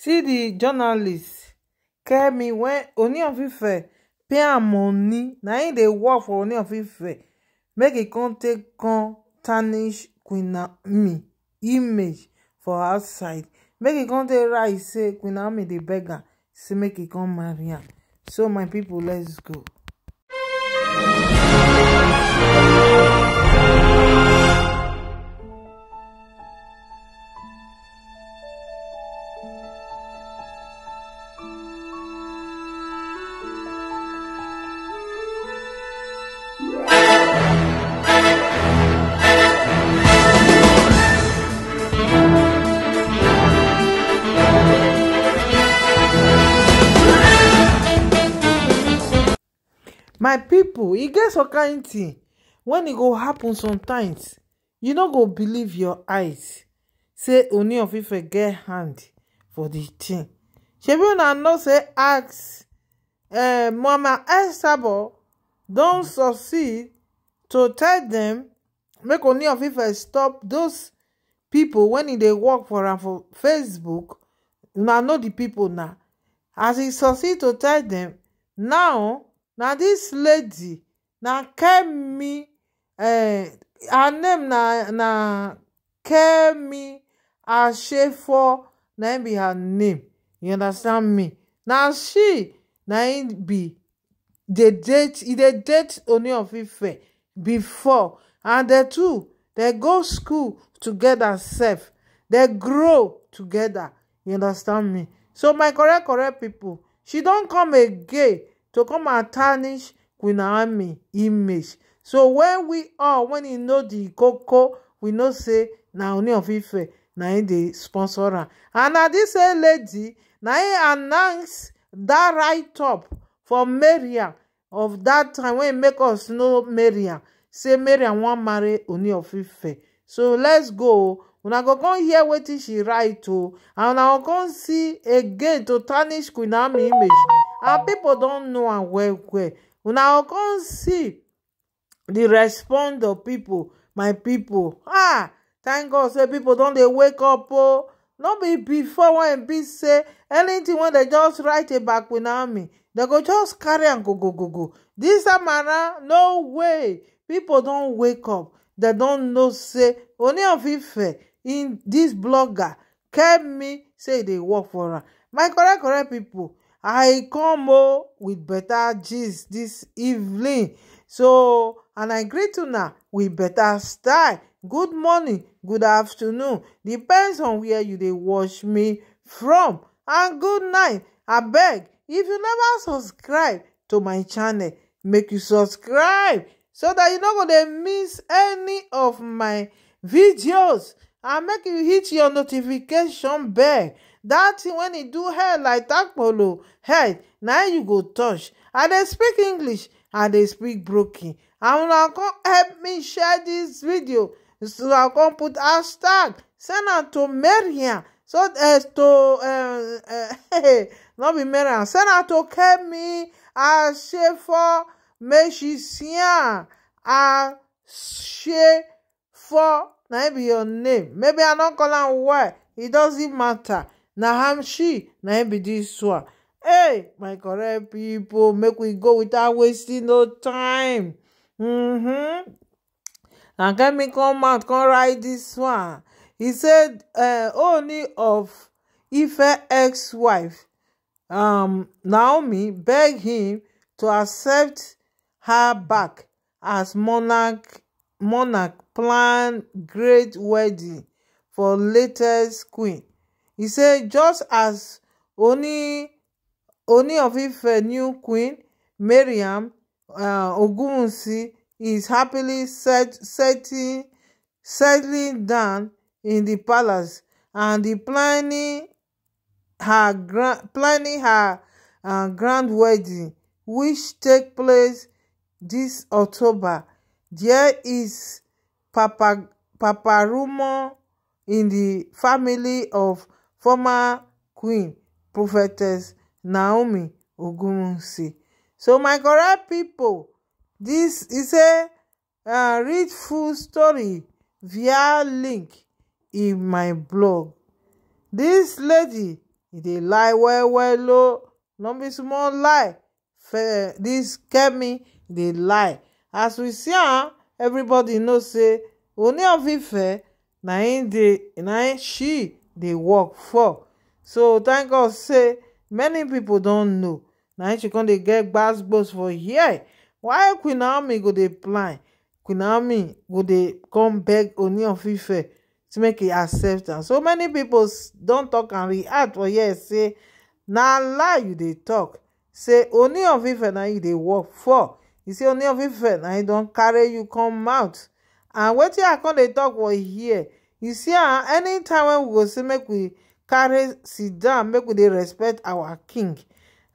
see di journalist kemi wen oni of ife pay am money na im dey work for oni of ife make e come take come tarnish queen naomi image for outside make e come take write say queen naomi dey beg am say make e come marry am so my people, let's go pipo e get some kind tin wen e go happen sometimes you no go believe your eyes say oni of ife get hand for the thing. shebi una know say ask eh, mama elsabo don mm. succeed to tell dem make oni of ife stop those people when e dey work for am for facebook una know the people na as e succeed to tell dem now na dis lady na kemi eh, her name na na kemi asefo na im be her name you understand me na she na im be dey date e dey date Ooni of Ife before and the two dey go school together sef dey grow together you understand me so my correct correct pipo she don come again to come and tarnish queen naomi image so when we all when you know the koko we know say na oni of ife na im dey sponsor am and na dis lady na im announce that right up for maria of that time wey make us know maria say maria wan marry oni of ife so let's go una go come hear wetin she write o and una go come see again to tarnish queen naomi image And people don know am well well una go come see the respond of people, my people. ah thank god say people don dey wake up o no be before when e be say anything wey dem just write about queen naomi dem go just carry am go go go go This time around no way People don wake up dem don know say oni of ife in this blogger me say e dey work for am my correct correct pipo i come o oh, with better gist this evening so and i greet una with better style good morning good afternoon depends on where you dey watch me from and good night abeg if you never subscribe to my channel make you subscribe so that you no go dey miss any of my videos and make you hit your notification bell dat tin wen e do hair like takpolo head na you go touch i dey speak english i dey speak broken and una come help me share dis video so i come put hashtag send am to mariam so as eh, to uh, uh, not be mariam send am to kemi asefo make she see am asefo na im be your name maybe i no call am why e doesn't matter na am she na im be this one hey my correct pipo make we go without wasting no time mm-hmm and kemi come out come write this one e say uh, only of ife ex wife um naomi beg him to accept her back as monarch monarch plan great wedding for latest queen e say just as Ooni Ooni of Ife new queen Mariam uh, Ogunwusi is happily set, setting, settling down in the palace and the planning her grand planning her uh, grand wedding which take place this October. There is Papa, Papa Remo in the family of former Queen Prophetess Naomi Ogunwusi. So my correct people, this is a uh, read full story via link in my blog. This lady they e lie well well o no be small lie This Kemi they e lie as we see am everybody know say Ooni of Ife na im dey na im she dey work for so thank God say many pipo don know na im she come dey get gbas-gbos for here while Queen Naomi go dey plan Queen Naomi go dey come beg Ooni of Ife to make e accept am so many pipo don talk and react for here say na lie you dey talk say Ooni of Ife na you dey work for You see, only of ife na e don carry you come out. and wetin i come dey talk for here you see ah uh, time when we go see make we carry sit down make we they respect our king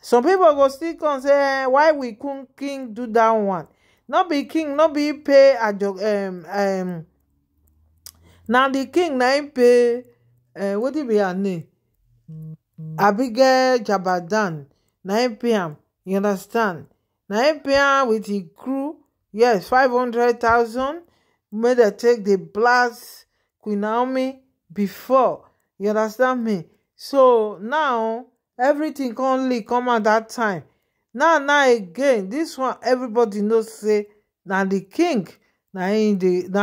some people go still come say eh, why we king do that one Not be king not be pay a um, um, Now the king na im pay eh, wetin be her name abigail jabadan Now im pay him. you understand na pay payam with im crew yes five hundred thousand make dem take dey blast queen naomi before you understand me so now everything con leak come out that time now now again this one everybody know say na the king na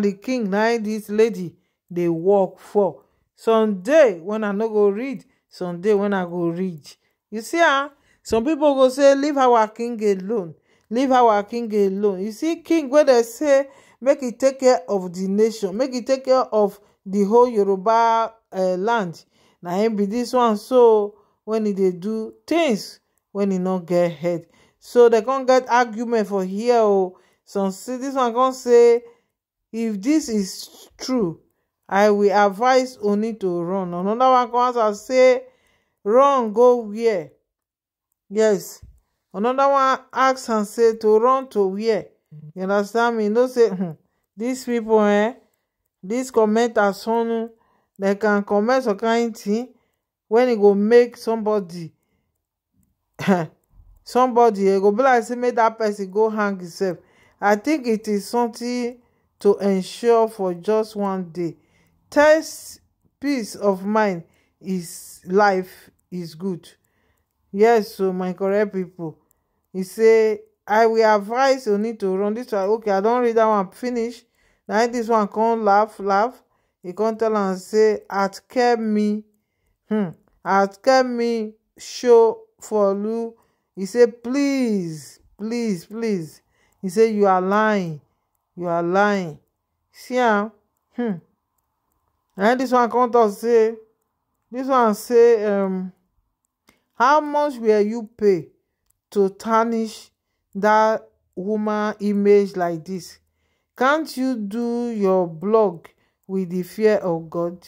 the king na this lady dey work for some when i no go read some when i go read you see ah some people go say leave our king alone leave our king alone you see king wey dey say make he take care of the nation make he take care of the whole yoruba eh, land na him be dis one so when he dey do things, when he no get head so they con get argument for here Oh, some say this one con say if this is true i will advise oni to run Another one con answer say run go where yes another one ask am say to run to where you understand me know say hmm, dis pipo eh dis commenters sonu dem can comment some kind thing wen e go make somebody somebody e go be like say make that person go hang himself i think it is something to ensure for just one day test peace of mind is life is good yes so my correct people. He say i will advise you need to run this one okay i don read that one finish na this one come laugh laugh He come tell am say at me hmm at me show for lu He say please please please He say you are lying you are lying see am hmm and this one come tok say This one say um How much will you pay to tarnish that woman image like this? Can't you do your blog with the fear of God?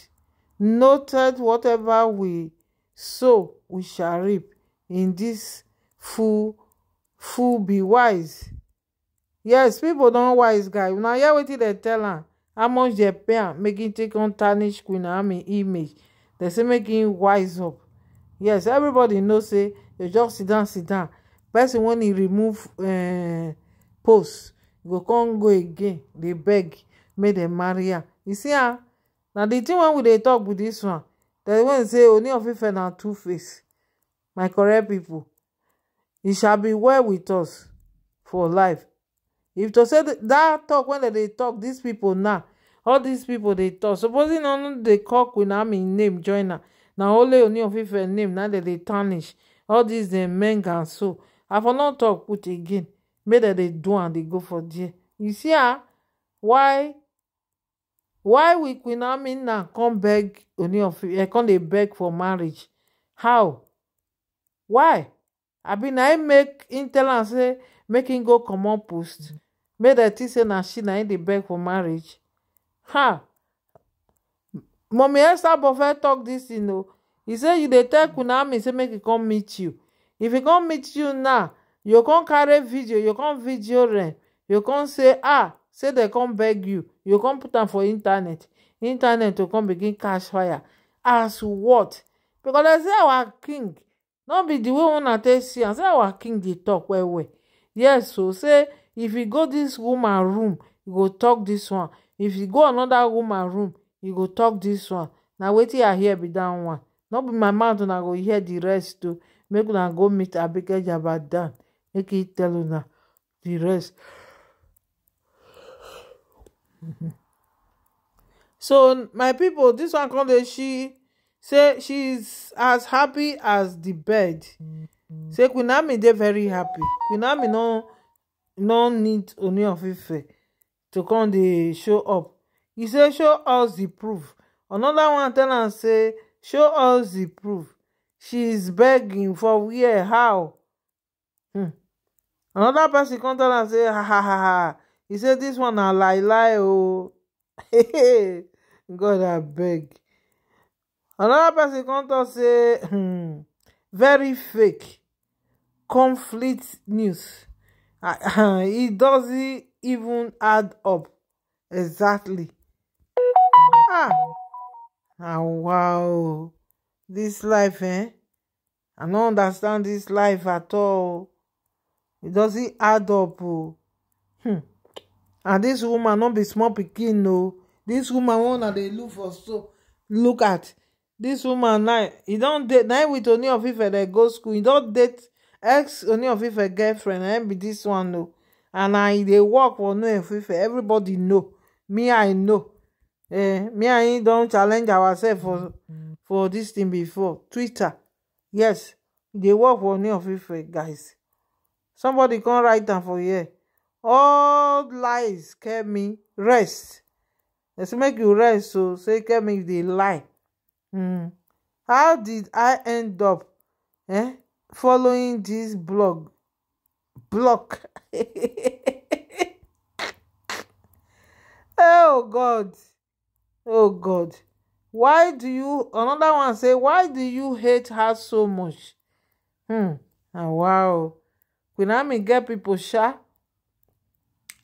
Noted whatever we sow, we shall reap. In this fool, fool be wise. Yes, people don't wise guy. Una hear wetin They tell her How much they pay Making make take on tarnish Queen Naomi image. They say making wise up. yes everybody know say you just sit down sit down person wen e remove uh, post go come go again dey beg make dem marry am you see ah, na the thing wey we dey tok with this one dem wey say Ooni of Ife na two face my correct pipo e shall be well with us for life if to say that talk wey dem dey talk these people now all these people dey talk supposing no dey call Queen Naomi name join am na only oni ife name na dem dey tarnish all dis dem meng so i for no talk put again make dem dey do am dey go for there you see ah. why why we amina come beg oni ife eh, come dey beg for marriage how why. abi na im make im tell am say make im go comot post make dem think say na she na im dey beg for marriage ha mummy esther buffet talk this. tin o he say you dey tell kunami say make he come meet you if he come meet you now you come carry video you come video rem you come say ah say dem come beg you you come put am for internet internet to come begin catch fire as what because dem say our king no be the way una take see am say our king dey talk well well yes So say if you go dis woman room you go talk this one if you go anoda woman room you go talk this one na wetin i hear be dat one Not be my mouth And I go hear the rest too. make una go meet abike jabadan make e tell una the rest so my people, this one called dey she say she is as happy as di bird mm-hmm. say queen ami dey very happy queen ami no no need oni of ife to come dey show up He said, show us the proof Another one tell am say show us the proof she is begging for where how hmm anoda pesin come tell am say ha ha ha ha He said, "This one na lie lie oh." God, I beg. Another person come tok say hmm very fake conflict news It doesn't even add up exactly ah àwa o this life eh i no understand this life at all e doesn't add up o oh. hmm. and this woman no be small pikin o this woman wey una dey look for so look at this woman now e don date na with Ooni of Ife dey go school e don date ex Ooni of Ife girlfriend na be this one o oh. and na e dey work for Ooni of Ife everybody know me i know eh me and him don't challenge ourselves for mm. for this thing before twitter yes they e work for new of ife guys somebody can write am for you. all lies me. rest Let's make you rest so say kemi they lie hmm how did i end up eh following this blog block oh god oh god why do you another one say why do you hate her so much hmm na ah, wow queen ami get pipo sha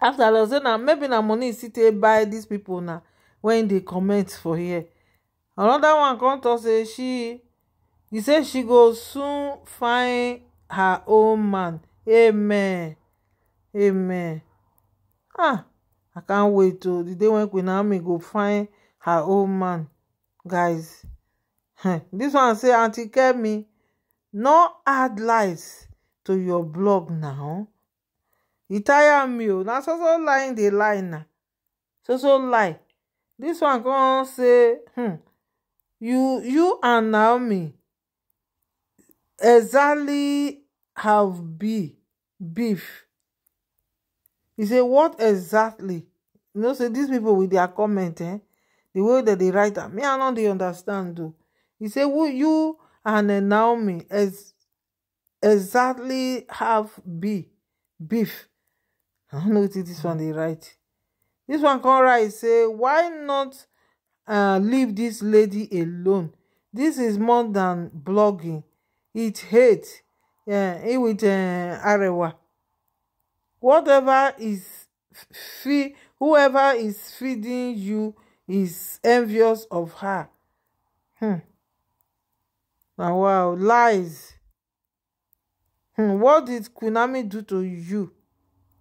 afta all say na maybe na money still take buy dis pipo na wen e dey comment for here another one come tok say she e say she go soon find her own man amen amen ah i can't wait o di day wen queen ami go find her old man guys This one say aunty kemi no add lies to your blog now e tire me o so so lying the line. na so so lie This one come say hmm, you you and naomi exactly have beef beef e say what exactly you know say these people with their comment eh The way that they write am me i no dey understand o He say you and eh, naomi exactly have beef i no know wetin dis one dey write this one come write say why not uh leave this lady alone This is more than blogging it hate eh, it with uh arewa whatever is whoever is feeding you is envious of her hmm. na wow lies hmm. what did Kunami do to you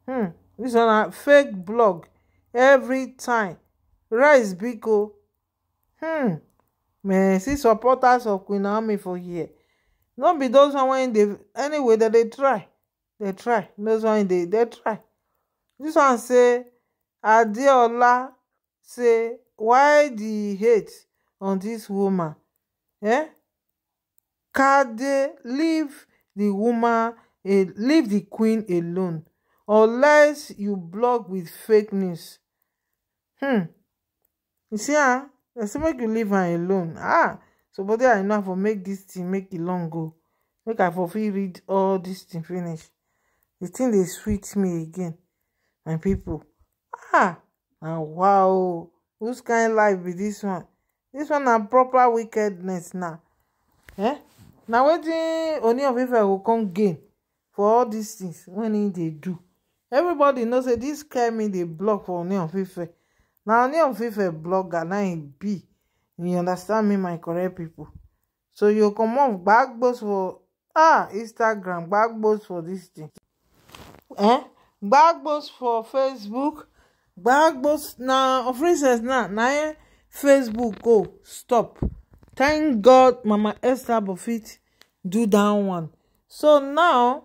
hmm. this one a fake blog every time rise big hmm. man see supporters of Queen for here Not be those who one in the anyway that they try They try those one dey they try this one say Adiola say why the hate on this woman eh? Can they leave the woman leave the queen alone unless you blog with fake news Hmm. you see ah they say make you leave her alone ah somebody i know for make this thing make it long go oh. make i for free read all this thing finish di thing they sweet me again my people, ah and wow oh. Whose kind life be this one? This one na proper wickedness na. Eh? Na wetin Ooni of Ife go come gain for all these things wey im dey do. Everybody know say dis Kemi dey block for Ooni of Ife. Na Ooni of Ife blogger na he be. You understand me my correct people. So you comot gbagbos for ah Instagram, gbagbos for this thing. Eh? Gbagbos for Facebook gbagbo na offices now na e facebook go stop thank god mama esther fit do dat one so now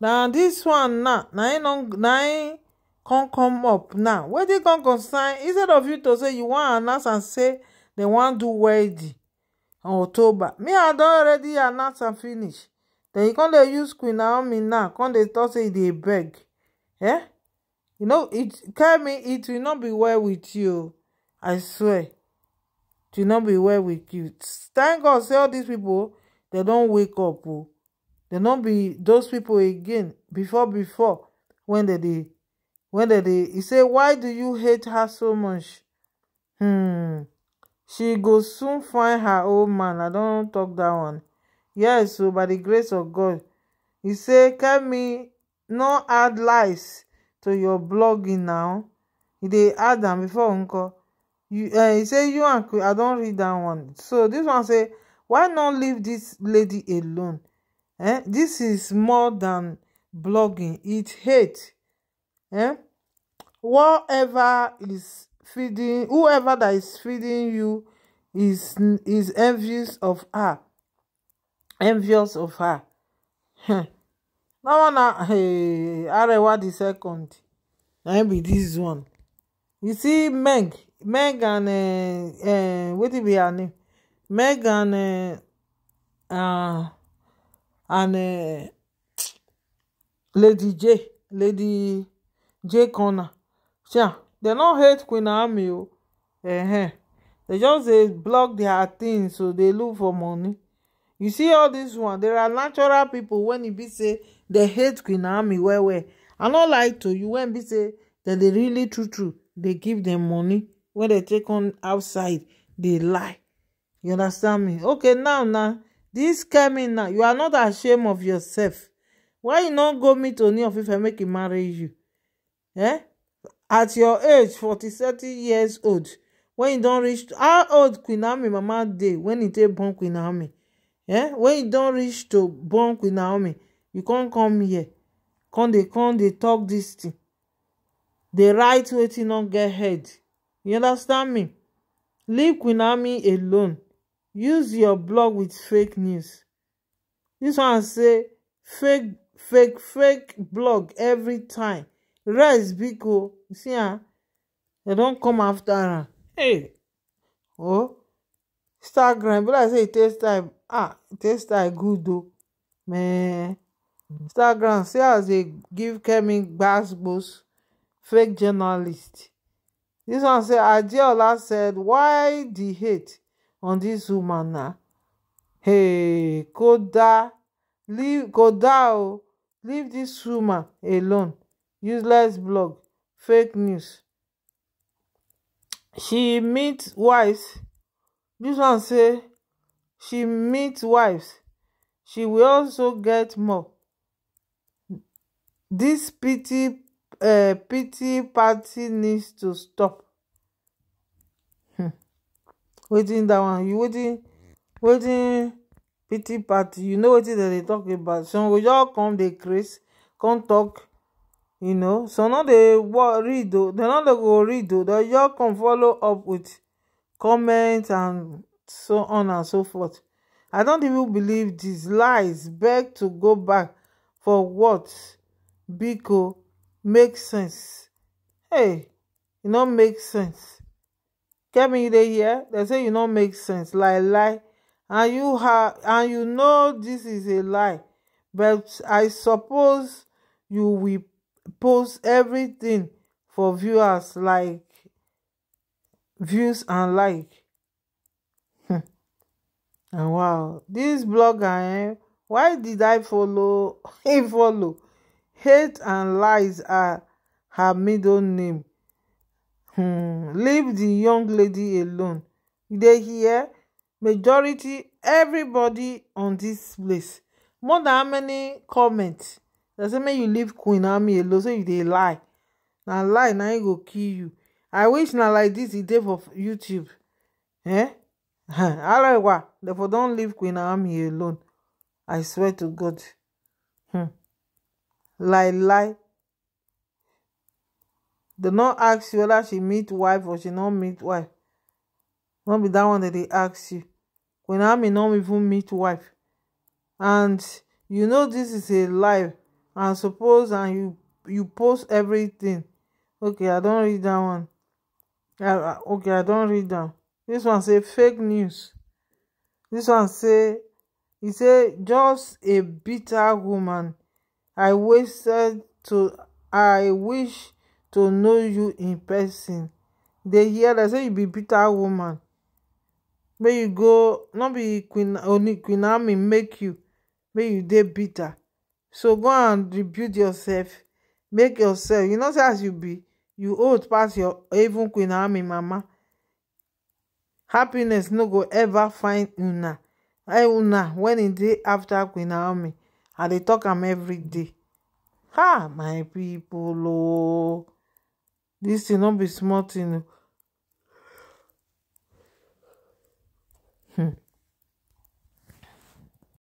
na this one now na im e e come come up now wetin come concern instead of you to say you wan announce am say dem wan do wedding on october me i don already announce am finish den you come dey use queen naomi now come dey talk say e dey beg eh you know it tell me it will not be well with you I swear it will not be well with you thank God say all these people they don't wake up o dem no be those people again before before when dem dey when dem dey he say why do you hate her so much hmm she go soon find her old man i don't talk that one yes o by the grace of god e say me, no add lies to your blogging now e dey add am before nko you uh, e say you and i don read that one so this one say why not leave this lady alone eh this is more than blogging it hate eh whatever is feeding whoever that is feeding you is is envious of her envious of her Now, one na hey, arewa the second na im be dis one you see meg meg and uh, eh, uh, eh, wetin be her name meg and uh, uh, and uh, lady j lady j corner sha dem no hate queen naomi o uh -huh. dem just dey block their things so dey look for money you see all this one there are natural people when e be say dem hate queen army well well i no lie to you wen be say dem dey really true true dey give dem money wey dem take on outside dey lie you understand me okay now na This kemi now you are not ashamed of yourself why you no go meet oni of ife make e marry you eh at your age forty 30 years old When you don reach how old queen army mama dey When e take born queen army eh when you don't reach to born with naomi you can't come here con they? con they talk this thing dey write wetin no get head you understand me leave queen naomi alone use your blog with fake news This one say fake fake fake blog every time rest biko oh. you see am ah, They don't come after am hey oh instagram But I say it takes time ah tastyle good o meh instagram see as dey give kemi gbasgbos fake journalist This one say adeola said why the hate on this woman na hey koda leave koda o leave this woman alone useless blog fake news she meet wife. This one say she meet wives she will also get more This pity uh, pity party needs to stop hmm. wetin dat one you waiting, waiting pity party you know what wetin that they talk about So go just come dey craze come talk you know some no dey read o dem no dey go read o dem just come follow up with comment and so on and so forth. I don't even believe these lies. Beg to go back for what? Biko makes sense. Hey, you know make sense. Kemi you dey hear? They say you know make sense. Lie lie. And you have. and you know this is a lie. But I suppose you will post everything for viewers like views and like. wow dis blog eh why did i follow him follow? hate and lies are her middle name hmm, leave di young lady alone you dey hear majority everybody on dis place more how many comments dey say make you leave queen army alone so you dey lie. na lie na go kill you i wish na like dis e dey for youtube. eh arewa dem for don't leave queen Army alone i swear to god hmm. lie lie dem not ask you whether she meet wife or she not meet wife no be that one that dey ask you queen naomi not even meet wife and you know this is a lie and suppose and you you post everything okay i don read that one okay i don read that. This one say fake news This one say he say just a bitter woman i wasted to i wish to know you in person They hear like say you be bitter woman make you go no be queen only queen army make you make you dey bitter so go and rebuild yourself make yourself you know say as you be you old pass your even queen army mama happiness no go ever find una una when e dey afta queen naomi i dey tok am day. ha my pipo ooo oh. dis thing no be small thing o oh. hmm.